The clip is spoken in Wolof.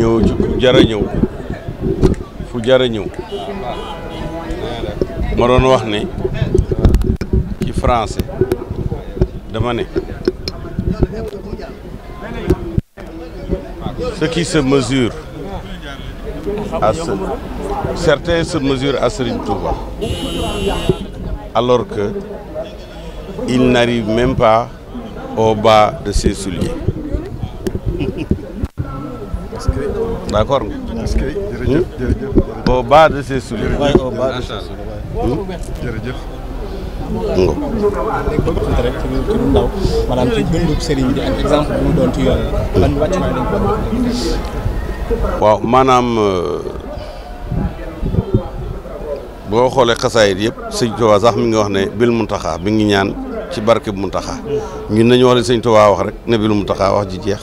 ñëw ci fu jara ñëw fu jara ma doon wax ni ci français dama ne ce qui se mesure à ce certains se mesurent à Serigne Touba alors que ils n'arrivent même pas au bas de ses souliers d' accord nga. est-ce que jërëjëf hmm? jërëjëf. au maanaam waaw maanaam euh, boo xoolee xasaayit yëpp sëñ Tuubaa sax mi ngi wax ne bil muntaxaa bi ngi ñaan ci barke bu muntaxaa ñun nañu wax ne sëñ Tuubaa wax rek ne bil muntaxaa wax ji jeex.